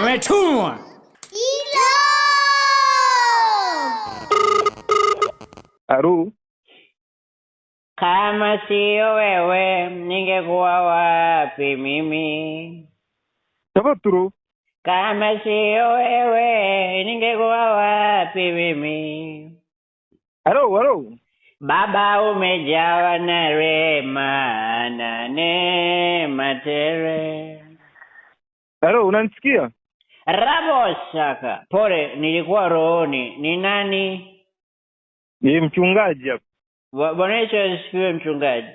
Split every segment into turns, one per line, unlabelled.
Umetumwa. Aru,
kama siyo wewe ningekuwa wapi mimi? Tabaturu, kama siyo wewe ningekuwa wapi mimi?
Aru, aru.
Baba umejawa na rema na neema tele.
Aru, unanisikia?
shaka pole, nilikuwa rohoni. Ni nani?
Ni mchungaji hapa.
Wa- Bwana Yesu asifiwe, mchungaji.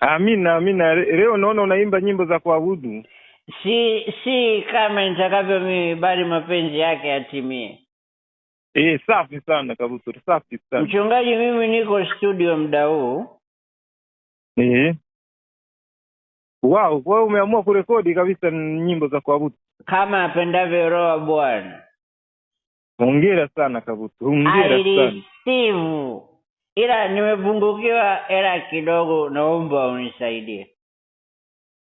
Amina, amina. reo Leo naona unaimba nyimbo za kuabudu.
Si si kama nitakavyo mimi, bali mapenzi yake yatimie.
Eh, safi sana kabusuri safi sana.
Mchungaji, mimi niko studio mda huu.
e Wow, kwa hiyo umeamua kurekodi kabisa nyimbo za kuabudu
kama apendavyo Roho wa Bwana.
Hongera sana Kabutu, hongera
sana. Ila nimepungukiwa hela kidogo, naomba unisaidie.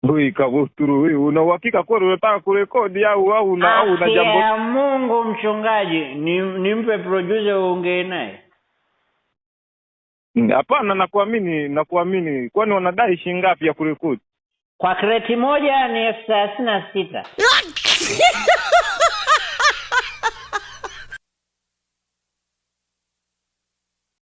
Hui kabutu hui una uhakika kweli unataka kurekodi au au na au na jambo?
Ya Mungu mchungaji, ni, nimpe producer uongee naye.
Mm, hapana, nakuamini, nakuamini. Kwani wanadai shilingi ngapi ya kurekodi?
Kwa kreti moja ni elfu thelathini na sita.